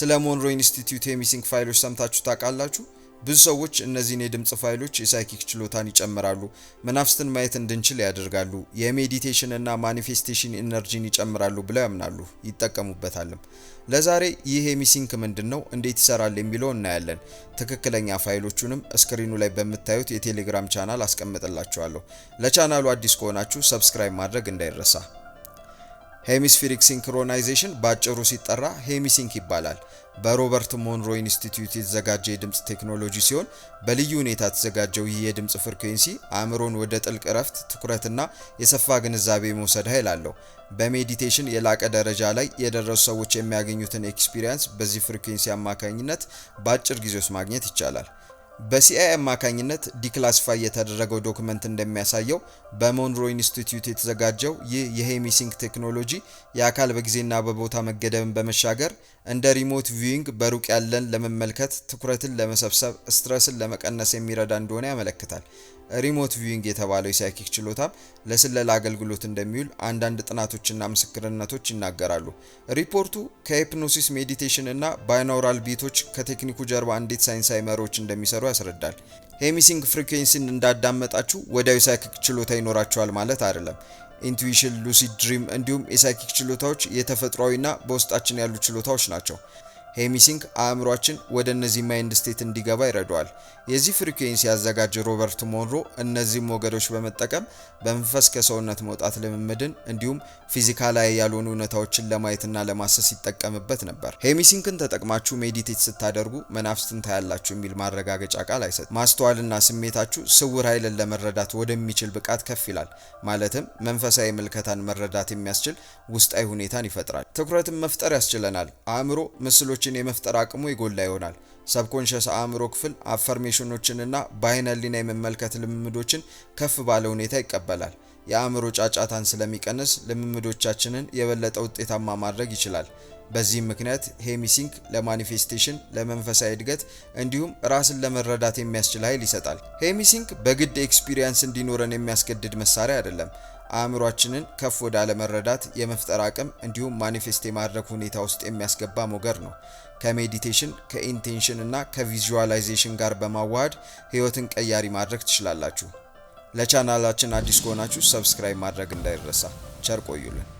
ስለ ሞንሮ ኢንስቲትዩት የሚሲንግ ፋይሎች ሰምታችሁ ታውቃላችሁ? ብዙ ሰዎች እነዚህን የድምፅ ፋይሎች የሳይኪክ ችሎታን ይጨምራሉ፣ መናፍስትን ማየት እንድንችል ያደርጋሉ፣ የሜዲቴሽን እና ማኒፌስቴሽን ኢነርጂን ይጨምራሉ ብለው ያምናሉ፣ ይጠቀሙበታልም። ለዛሬ ይህ የሚሲንክ ምንድን ነው፣ እንዴት ይሰራል የሚለው እናያለን። ትክክለኛ ፋይሎቹንም እስክሪኑ ላይ በምታዩት የቴሌግራም ቻናል አስቀምጥላችኋለሁ። ለቻናሉ አዲስ ከሆናችሁ ሰብስክራይብ ማድረግ እንዳይረሳ። ሄሚስፌሪክ ሲንክሮናይዜሽን በአጭሩ ሲጠራ ሄሚሲንክ ይባላል። በሮበርት ሞንሮ ኢንስቲትዩት የተዘጋጀ የድምፅ ቴክኖሎጂ ሲሆን በልዩ ሁኔታ የተዘጋጀው ይህ የድምፅ ፍሪኩዌንሲ አእምሮን ወደ ጥልቅ እረፍት፣ ትኩረትና የሰፋ ግንዛቤ መውሰድ ኃይል አለው። በሜዲቴሽን የላቀ ደረጃ ላይ የደረሱ ሰዎች የሚያገኙትን ኤክስፒሪየንስ በዚህ ፍሪኩዌንሲ አማካኝነት በአጭር ጊዜ ውስጥ ማግኘት ይቻላል። በሲአይ አማካኝነት ዲክላሲፋይ የተደረገው ዶክመንት እንደሚያሳየው በሞንሮ ኢንስቲትዩት የተዘጋጀው ይህ የሄሚሲንክ ቴክኖሎጂ የአካል በጊዜና በቦታ መገደብን በመሻገር እንደ ሪሞት ቪዊንግ በሩቅ ያለን ለመመልከት፣ ትኩረትን ለመሰብሰብ፣ ስትረስን ለመቀነስ የሚረዳ እንደሆነ ያመለክታል። ሪሞት ቪዊንግ የተባለው የሳይኪክ ችሎታም ለስለላ አገልግሎት እንደሚውል አንዳንድ ጥናቶችና ምስክርነቶች ይናገራሉ። ሪፖርቱ ከሂፕኖሲስ ሜዲቴሽን እና ባይኖራል ቢቶች ከቴክኒኩ ጀርባ እንዴት ሳይንሳዊ መሪዎች እንደሚሰሩ ያስረዳል። ሄሚሲንግ ፍሪኩዌንሲን እንዳዳመጣችሁ ወዲያው የሳይኪክ ችሎታ ይኖራችኋል ማለት አይደለም። ኢንቱዊሽን፣ ሉሲድ ድሪም እንዲሁም የሳይኪክ ችሎታዎች የተፈጥሯዊና በውስጣችን ያሉ ችሎታዎች ናቸው። ሄሚሲንክ አእምሯችን ወደ እነዚህ ማይንድ ስቴት እንዲገባ ይረዳዋል። የዚህ ፍሪኩዌንሲ ያዘጋጀ ሮበርት ሞንሮ እነዚህም ሞገዶች በመጠቀም በመንፈስ ከሰውነት መውጣት ልምምድን እንዲሁም ፊዚካላዊ ያልሆኑ እውነታዎችን ለማየትና ለማሰስ ይጠቀምበት ነበር። ሄሚሲንክን ተጠቅማችሁ ሜዲቴት ስታደርጉ መናፍስትን ታያላችሁ የሚል ማረጋገጫ ቃል አይሰጥ። ማስተዋልና ስሜታችሁ ስውር ኃይልን ለመረዳት ወደሚችል ብቃት ከፍ ይላል። ማለትም መንፈሳዊ ምልከታን መረዳት የሚያስችል ውስጣዊ ሁኔታን ይፈጥራል። ትኩረትን መፍጠር ያስችለናል። አእምሮ ምስሎች ሀሳቦችን የመፍጠር አቅሙ የጎላ ይሆናል። ሰብኮንሸስ አእምሮ ክፍል አፈርሜሽኖችንና በአይነ ህሊና የመመልከት ልምምዶችን ከፍ ባለ ሁኔታ ይቀበላል። የአእምሮ ጫጫታን ስለሚቀንስ ልምምዶቻችንን የበለጠ ውጤታማ ማድረግ ይችላል። በዚህም ምክንያት ሄሚሲንክ ለማኒፌስቴሽን፣ ለመንፈሳዊ እድገት እንዲሁም ራስን ለመረዳት የሚያስችል ኃይል ይሰጣል። ሄሚሲንክ በግድ ኤክስፒሪየንስ እንዲኖረን የሚያስገድድ መሳሪያ አይደለም። አእምሯችንን ከፍ ወደ አለመረዳት የመፍጠር አቅም እንዲሁም ማኒፌስት የማድረግ ሁኔታ ውስጥ የሚያስገባ ሞገድ ነው። ከሜዲቴሽን ከኢንቴንሽን እና ከቪዥዋላይዜሽን ጋር በማዋሃድ ህይወትን ቀያሪ ማድረግ ትችላላችሁ። ለቻናላችን አዲስ ከሆናችሁ ሰብስክራይብ ማድረግ እንዳይረሳ። ቸር ቆዩልን።